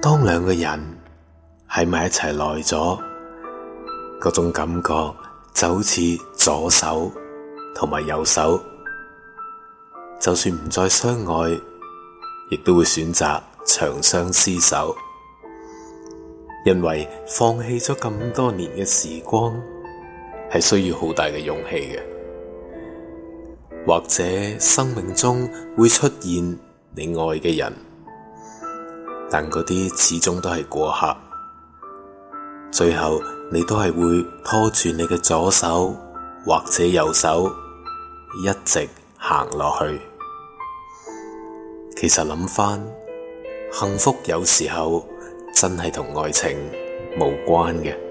當兩個人喺埋一齊耐咗，嗰種感覺就好似左手同埋右手，就算唔再相愛，亦都會選擇長相廝守，因為放棄咗咁多年嘅時光係需要好大嘅勇氣嘅，或者生命中會出現你愛嘅人。但嗰啲始終都係過客，最後你都係會拖住你嘅左手或者右手，一直行落去。其實諗翻，幸福有時候真係同愛情無關嘅。